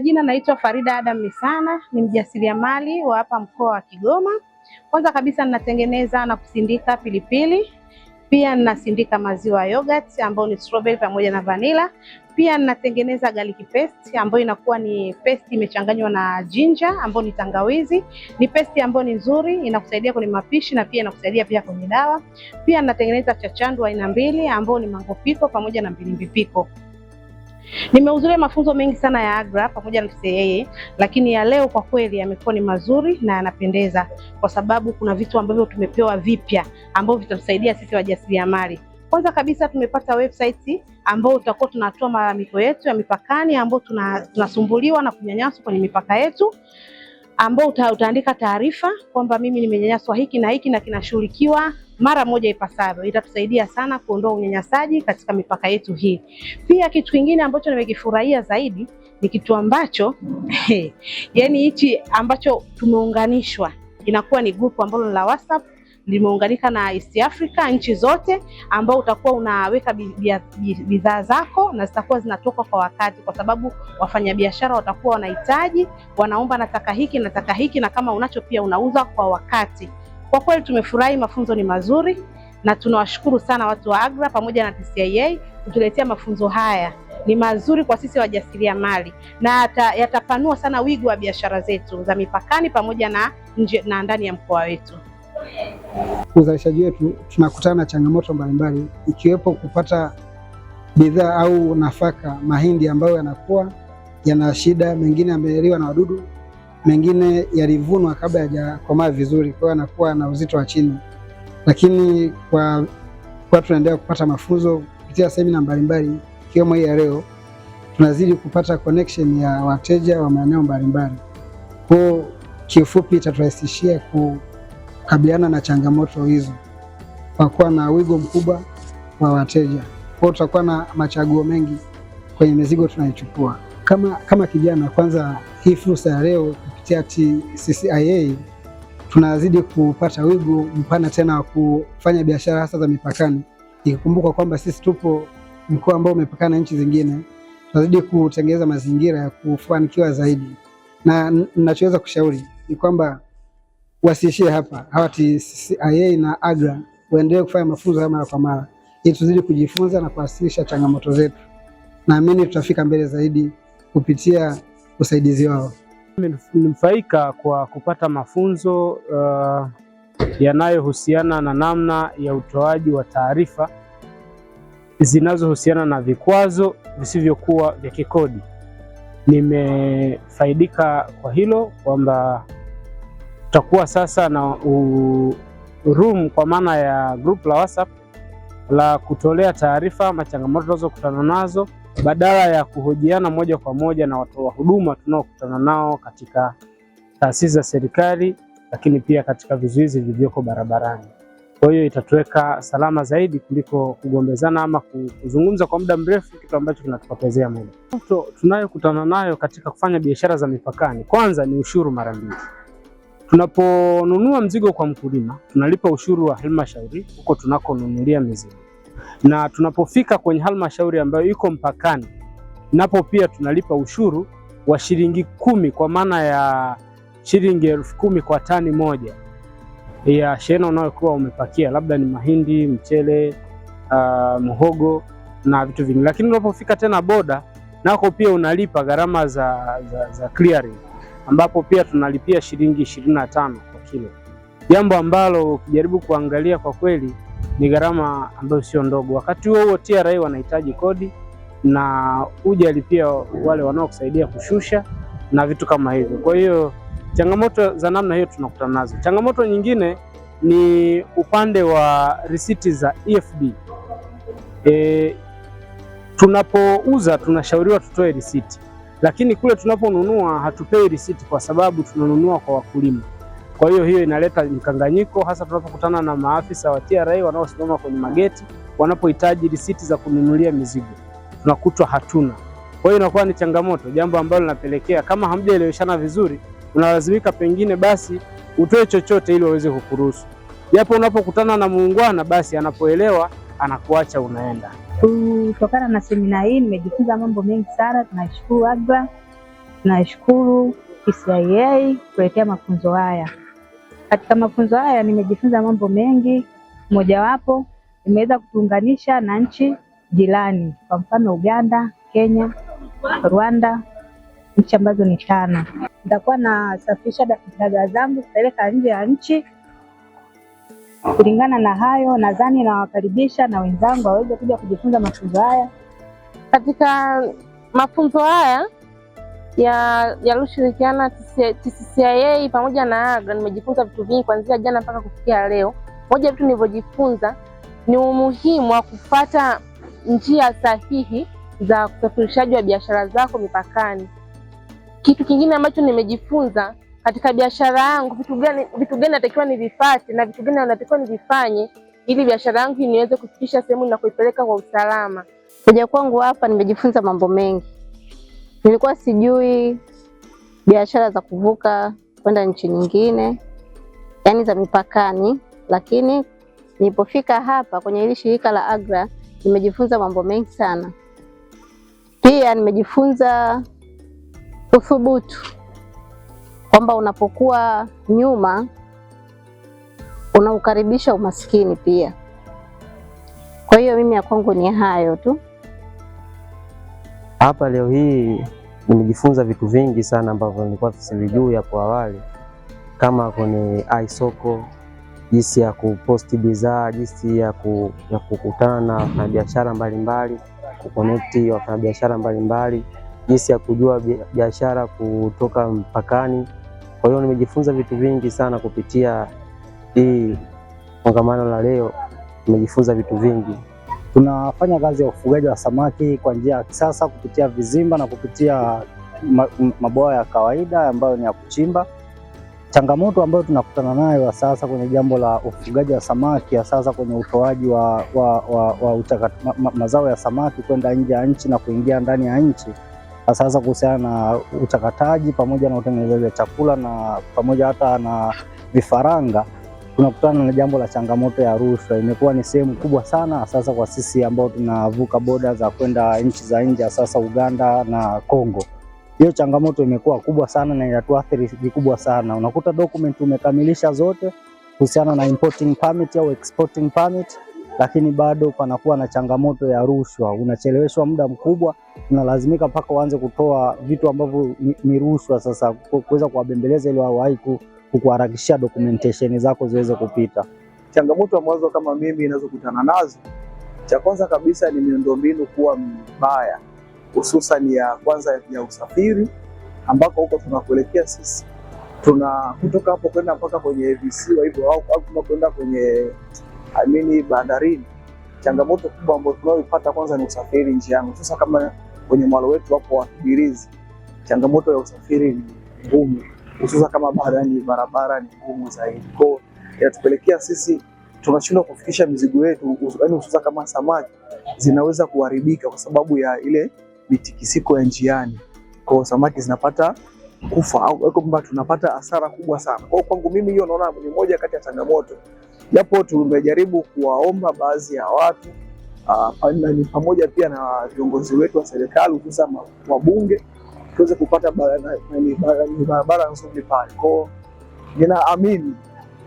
majina naitwa Farida Adam Misana, ni mjasiriamali wa hapa mkoa wa Kigoma. Kwanza kabisa ninatengeneza na kusindika pilipili, pia ninasindika maziwa yogurt ambayo ni strawberry pamoja na vanilla. Pia ninatengeneza garlic paste ambayo inakuwa ni paste imechanganywa na ginger ambayo ni tangawizi. Ni paste ambayo ni nzuri, inakusaidia kwenye mapishi na pia inakusaidia pia kwenye dawa. Pia ninatengeneza chachandu aina mbili ambayo ni mango piko pamoja na mbilimbipiko. Nimehudhuria mafunzo mengi sana ya AGRA pamoja na FCAA, lakini ya leo kwa kweli yamekuwa ni mazuri na yanapendeza, kwa sababu kuna vitu ambavyo tumepewa vipya ambavyo vitatusaidia sisi wajasiriamali. Kwanza kabisa tumepata website ambayo tutakuwa tunatoa malalamiko yetu ya mipakani, ambayo tunasumbuliwa na kunyanyaswa kwenye mipaka yetu ambao uta, utaandika taarifa kwamba mimi nimenyanyaswa hiki na hiki na kinashughulikiwa mara moja ipasavyo. Itatusaidia sana kuondoa unyanyasaji katika mipaka yetu hii. Pia kitu kingine ambacho nimekifurahia zaidi ni kitu ambacho yani hichi ambacho tumeunganishwa inakuwa ni grupu ambalo ni la WhatsApp limeunganika na East Africa, nchi zote, ambao utakuwa unaweka bidhaa zako na zitakuwa zinatoka kwa wakati, kwa sababu wafanyabiashara watakuwa wanahitaji, wanaomba nataka hiki nataka hiki, na kama unacho pia unauza kwa wakati. Kwa kweli tumefurahi, mafunzo ni mazuri na tunawashukuru sana watu wa AGRA pamoja na TCCIA kutuletea mafunzo haya ni mazuri kwa sisi wajasiriamali na yatapanua sana wigo wa biashara zetu za mipakani pamoja na nje na ndani ya mkoa wetu uzalishaji wetu tunakutana na changamoto mbalimbali, ikiwepo kupata bidhaa au nafaka, mahindi ambayo yanakuwa yana shida, mengine yameliwa na wadudu, mengine yalivunwa kabla hayajakomaa vizuri, kwa hiyo yanakuwa na uzito wa chini. Lakini kwa kwa tunaendelea kupata mafunzo kupitia semina mbalimbali ikiwemo hii ya leo, tunazidi kupata connection ya wateja wa maeneo mbalimbali. Kwa kifupi kiufupi, itaturahisishia ku kukabiliana na changamoto hizo kwa kuwa na wigo mkubwa wa wateja. Kwa hiyo tutakuwa na machaguo mengi kwenye mizigo tunayochukua. Kama, kama kijana kwanza, hii fursa ya leo kupitia TCCIA tunazidi kupata wigo mpana tena wa kufanya biashara hasa za mipakani, ikikumbukwa kwamba sisi tupo mkoa ambao umepakana nchi zingine. Tunazidi kutengeneza mazingira ya kufanikiwa zaidi, na ninachoweza kushauri ni kwamba wasiishie hapa, hawati CIA na AGRA waendelee kufanya mafunzo mara kwa mara ili tuzidi kujifunza na kuwasilisha changamoto zetu. Naamini tutafika mbele zaidi kupitia usaidizi wao. Nimenufaika kwa kupata mafunzo uh, yanayohusiana na namna ya utoaji wa taarifa zinazohusiana na vikwazo visivyokuwa vya kikodi. Nimefaidika kwa hilo kwamba tutakuwa sasa na u, room kwa maana ya group la WhatsApp la kutolea taarifa machangamoto tunazokutana nazo badala ya kuhojiana moja kwa moja na wa huduma tunaokutana nao katika taasisi za serikali, lakini pia katika vizuizi vilivyoko barabarani. Kwa hiyo itatuweka salama zaidi kuliko kugombezana ama kuzungumza kwa muda mrefu, kitu ambacho kinatupotezea muda. Tunayokutana nayo katika kufanya biashara za mipakani, kwanza ni ushuru mara mbili. Tunaponunua mzigo kwa mkulima, tunalipa ushuru wa halmashauri huko tunakonunulia mizigo, na tunapofika kwenye halmashauri ambayo iko mpakani, napo pia tunalipa ushuru wa shilingi kumi, kwa maana ya shilingi elfu kumi kwa tani moja ya shehena unayokuwa umepakia, labda ni mahindi, mchele, uh, muhogo na vitu vingi. Lakini unapofika tena boda, nako pia unalipa gharama za, za, za clearing ambapo pia tunalipia shilingi ishirini na tano kwa kilo, jambo ambalo ukijaribu kuangalia kwa kweli ni gharama ambayo sio ndogo. Wakati huo huo TRA wanahitaji kodi na hujalipia wale wanaokusaidia kushusha na vitu kama hivyo. Kwa hiyo changamoto za namna hiyo tunakutana nazo. Changamoto nyingine ni upande wa risiti za EFD. E, tunapouza tunashauriwa tutoe risiti lakini kule tunaponunua hatupei risiti kwa sababu tunanunua kwa wakulima. Kwa hiyo hiyo inaleta mkanganyiko, hasa tunapokutana na maafisa wa TRA wanaosimama kwenye mageti wanapohitaji risiti za kununulia mizigo, tunakutwa hatuna. Kwa hiyo inakuwa ni changamoto, jambo ambalo linapelekea kama hamjaeleweshana vizuri, unalazimika pengine basi utoe chochote ili waweze kukuruhusu, japo unapokutana na muungwana basi anapoelewa anakuacha unaenda. Kutokana na semina hii nimejifunza mambo mengi sana. Tunashukuru AGRA, tunashukuru cia kuletea mafunzo haya. Katika mafunzo haya nimejifunza mambo mengi, mojawapo nimeweza kutuunganisha na nchi jirani, kwa mfano Uganda, Kenya, Rwanda, nchi ambazo ni tano. Nitakuwa nasafirisha dagaa zangu kupeleka nje ya nchi. Kulingana na hayo, nadhani nawakaribisha na wenzangu waweze kuja kujifunza mafunzo haya. Katika mafunzo haya yaliyoshirikiana ya TCCIA pamoja na AGRA nimejifunza vitu vingi kuanzia jana mpaka kufikia leo. Moja ya vitu nilivyojifunza ni umuhimu wa kupata njia sahihi za usafirishaji wa biashara zako mipakani. Kitu kingine ambacho nimejifunza katika biashara yangu vitu gani vitu gani natakiwa nivifate na vitu gani natakiwa nivifanye ili biashara yangu niweze kufikisha sehemu na kuipeleka kwa usalama. Kuja kwangu hapa nimejifunza mambo mengi. Nilikuwa sijui biashara za kuvuka kwenda nchi nyingine, yaani za mipakani, lakini nilipofika hapa kwenye hili shirika la AGRA nimejifunza mambo mengi sana. Pia nimejifunza uthubutu kwamba unapokuwa nyuma unaukaribisha umaskini pia. Kwa hiyo mimi ya kwangu ni hayo tu. Hapa leo hii nimejifunza vitu vingi sana ambavyo nilikuwa sivijui hapo awali, kama kwenye isoko, jinsi ya kuposti bidhaa, jinsi ya, ku, ya kukutana na wafanyabiashara mbalimbali, kukonekti wafanyabiashara mbalimbali, jinsi ya kujua biashara kutoka mpakani. Kwa hiyo nimejifunza vitu vingi sana kupitia hii kongamano la leo, nimejifunza vitu vingi. Tunafanya kazi ya ufugaji wa samaki kwa njia ya kisasa kupitia vizimba na kupitia mabwawa ya kawaida ambayo ni ya kuchimba. Changamoto ambayo tunakutana nayo sasa kwenye jambo la ufugaji wa samaki ya sasa kwenye utoaji wa, wa, wa, wa ma, mazao ya samaki kwenda nje ya nchi na kuingia ndani ya nchi sasa kuhusiana na uchakataji pamoja na utengenezaji wa chakula na pamoja hata na vifaranga, tunakutana na jambo la changamoto ya rushwa. Imekuwa ni sehemu kubwa sana sasa kwa sisi ambao tunavuka boda za kwenda nchi za nje, sasa Uganda na Kongo. Hiyo changamoto imekuwa kubwa sana na inatuathiri vikubwa sana. Unakuta document umekamilisha zote kuhusiana na importing permit au exporting permit lakini bado panakuwa na changamoto ya rushwa. Unacheleweshwa muda mkubwa, unalazimika mpaka uanze kutoa vitu ambavyo ni rushwa, sasa kuweza kuwabembeleza ili wawahi kukuharakishia documentation zako ziweze kupita. Changamoto ambazo kama mimi inazokutana nazo, cha kwanza kabisa ni miundombinu kuwa mbaya, hususan ya kwanza ya usafiri, ambako huko tunakuelekea sisi tuna kutoka hapo kwenda mpaka kwenye visiwa hivyo au kwenda kwenye amini bandarini, changamoto kubwa ambayo tunayoipata kwanza ni usafiri njiani. Sasa kama kwenye mwalo wetu wapo wakimbilizi, changamoto ya usafiri ni ngumu, hususa kama baada baharani, barabara ni ngumu zaidi, kwao inatupelekea sisi tunashindwa kufikisha mizigo yetu, yaani hususa kama samaki zinaweza kuharibika kwa sababu ya ile mitikisiko ya njiani, kwa samaki zinapata kufa au kwamba tunapata hasara kubwa sana. Kwa kwangu mimi hiyo naona ni moja kati ya changamoto japo tumejaribu kuwaomba baadhi ya watu uh, ni pamoja pia na viongozi wetu wa serikali hususan wabunge tuweze kupata barabara nzuri pale kwao. Ninaamini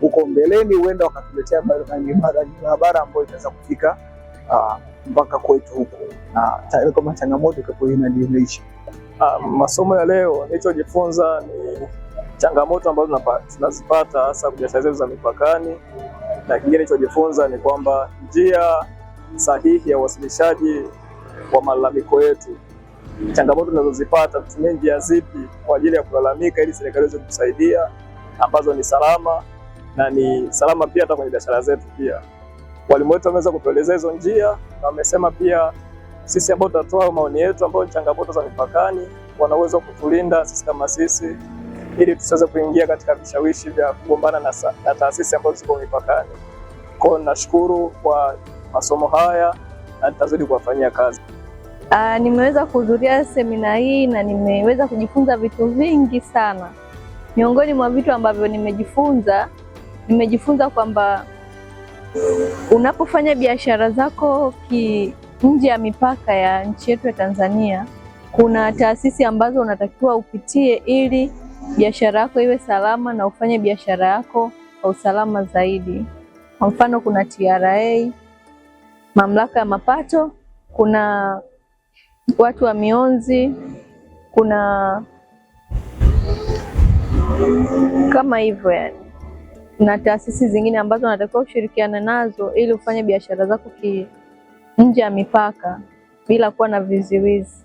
huko mbeleni huenda wakatuletea barabara ambayo itaweza kufika uh, mpaka kwetu huko na kama changamoto inaisha. Uh, ah, masomo ya leo nilichojifunza ni changamoto ambazo tunazipata hasa biashara zetu za mipakani na kingine nilichojifunza ni kwamba njia sahihi ya uwasilishaji wa malalamiko yetu, changamoto tunazozipata, tutumie njia zipi kwa ajili ya kulalamika ili serikali iweze kutusaidia, ambazo ni salama na ni salama pia hata kwenye biashara zetu. Pia walimu wetu wameweza kutueleza hizo njia na wamesema pia sisi ambao tutatoa maoni yetu ambayo ni changamoto za mipakani, wana uwezo kutulinda sisi kama sisi ili tusiweze kuingia katika vishawishi vya kugombana na, na taasisi ambazo ziko mipakani. Kwao nashukuru kwa masomo haya na nitazidi kuwafanyia kazi. Uh, nimeweza kuhudhuria semina hii na nimeweza kujifunza vitu vingi sana. Miongoni mwa vitu ambavyo nimejifunza, nimejifunza kwamba unapofanya biashara zako ki nje ya mipaka ya nchi yetu ya Tanzania, kuna taasisi ambazo unatakiwa upitie ili biashara yako iwe salama na ufanye biashara yako kwa usalama zaidi. Kwa mfano, kuna TRA, mamlaka ya mapato, kuna watu wa mionzi, kuna kama hivyo yani, na taasisi zingine ambazo unatakiwa kushirikiana nazo ili ufanye biashara zako ki nje ya mipaka bila kuwa na viziwizi.